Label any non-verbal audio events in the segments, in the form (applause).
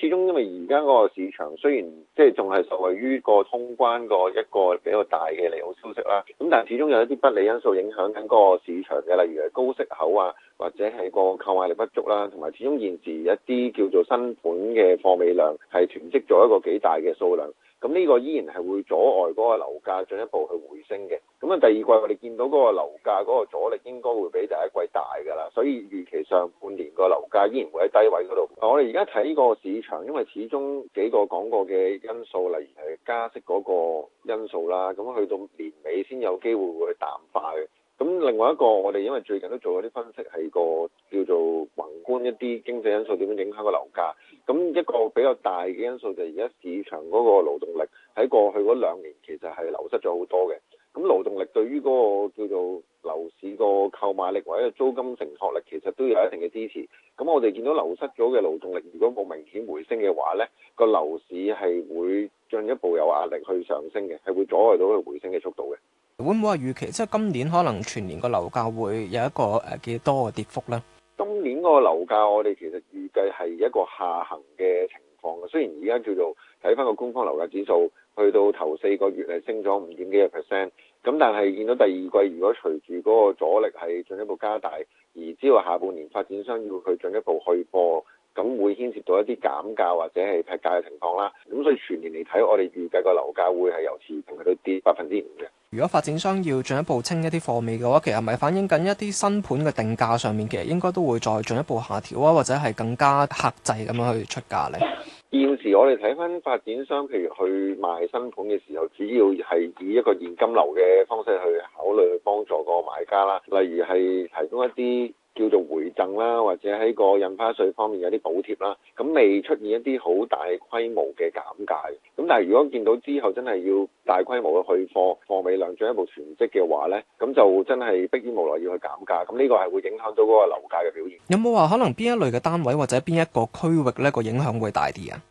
始終因為而家嗰個市場雖然即係仲係受惠於個通關個一個比較大嘅利好消息啦，咁但係始終有一啲不利因素影響緊嗰個市場嘅，例如係高息口啊，或者係個購買力不足啦、啊，同埋始終現時一啲叫做新盤嘅貨尾量係囤積咗一個幾大嘅數量，咁呢個依然係會阻礙嗰個樓價進一步去回升嘅。咁第二季我哋見到嗰個樓價嗰個阻力應該會比第一季大噶啦，所以預期上半年個樓價依然會喺低位嗰度。我哋而家睇個市場，因為始終幾個講過嘅因素，例如係加息嗰個因素啦，咁去到年尾先有機會會淡化嘅。咁另外一個，我哋因為最近都做咗啲分析，係個叫做宏觀一啲經濟因素點樣影響個樓價，咁一個比較大嘅因素就係而家市場嗰個勞動力喺過去嗰兩年其實係流失咗好多嘅。咁勞動力對於嗰個叫做樓市個購買力或者租金承托力，其實都有一定嘅支持。咁我哋見到流失咗嘅勞動力，如果冇明顯回升嘅話呢，呢個樓市係會進一步有壓力去上升嘅，係會阻礙到佢回升嘅速度嘅。會唔會話預期即係今年可能全年個樓價會有一個誒幾多嘅跌幅呢？今年嗰個樓價，我哋其實預計係一個下行嘅情況嘅。雖然而家叫做睇翻個官方樓價指數。去到頭四個月係升咗五點幾個 percent，咁但係見到第二季，如果隨住嗰個阻力係進一步加大，而之後下半年發展商要去進一步去貨，咁會牽涉到一啲減價或者係劈價嘅情況啦。咁所以全年嚟睇，我哋預計個樓價會係由持平去到跌百分之五嘅 (noise) 如果發展商要進一步清一啲貨尾嘅話，其實咪反映緊一啲新盤嘅定價上面，其實應該都會再進一步下調啊，或者係更加克制咁樣去出價呢。 (noise) 現時我哋睇返發展商，譬如去賣新盤嘅時候，主要係以一個現金流嘅方式去考慮，去幫助個買家啦。例如係提供一啲。叫做回贈啦，或者喺個印花稅方面有啲補貼啦，咁未出現一啲好大規模嘅減價。咁但係如果見到之後真係要大規模嘅去貨貨尾量進一步囤積嘅話咧，咁就真係迫於無奈要去減價。咁呢個係會影響到嗰個樓價嘅表現，有冇話可能邊一類嘅單位或者邊一個區域咧個影響會大啲啊？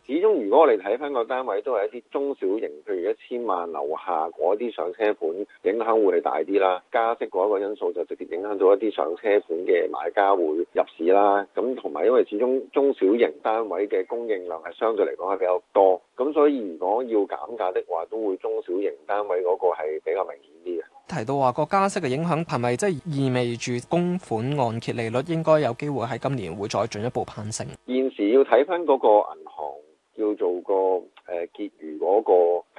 如果我哋睇翻個單位，都係一啲中小型，譬如一千萬樓下嗰啲上車盤，影響會，係大啲啦。加息嗰一個因素就直接影響到一啲上車盤嘅買家會入市啦。咁同埋因為始終中小型單位嘅供應量係相對嚟講，係比較多，咁所以如果要減價的話都會中小型單位嗰個係比較明顯啲嘅。提到話個加息嘅影響，係咪即係意味住供款按揭利率應該有機會喺今年會再進一步攀升？現時要睇翻嗰個銀行。要做個誒結餘嗰個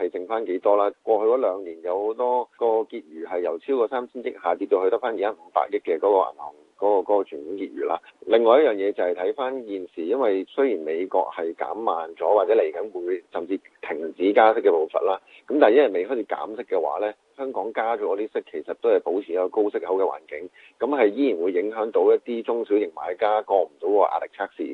係剩翻幾多啦？過去嗰兩年有好多個結餘係由超過三千億下跌到去得翻而家五百億嘅嗰個銀行嗰個嗰個存款結餘啦。另外一樣嘢就係睇翻現時，因為雖然美國係減慢咗或者嚟緊會甚至停止加息嘅步伐啦，咁但係因為未開始減息嘅話呢，香港加咗嗰啲息其實都係保持一個高息口嘅環境，咁係依然會影響到一啲中小型買家過唔到個壓力測試。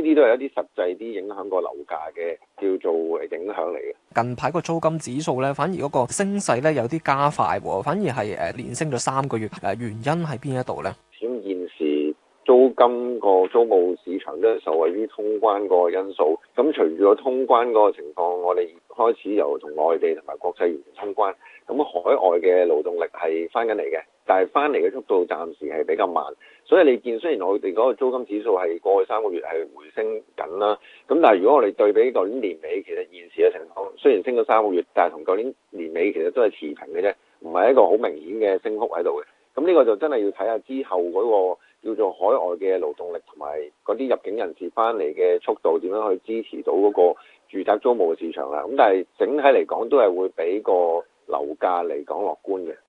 呢啲都係一啲實際啲影響個樓價嘅叫做影響嚟嘅。近排個租金指數咧，反而嗰個升勢咧有啲加快喎，反而係誒連升咗三個月。誒原因喺邊一度呢？咁現時租金個租務市場都係受惠於通關嗰個因素。咁隨住個通關嗰個情況，我哋開始由同內地同埋國際通關，咁海外嘅勞動力係翻緊嚟嘅。但係翻嚟嘅速度暫時係比較慢，所以你見雖然我哋嗰個租金指數係過去三個月係回升緊啦，咁但係如果我哋對比舊年年尾，其實現時嘅情況雖然升咗三個月，但係同舊年年尾其實都係持平嘅啫，唔係一個好明顯嘅升幅喺度嘅。咁呢個就真係要睇下之後嗰個叫做海外嘅勞動力同埋嗰啲入境人士翻嚟嘅速度點樣去支持到嗰個住宅租務市場啦。咁但係整體嚟講都係會俾個樓價嚟講樂觀嘅。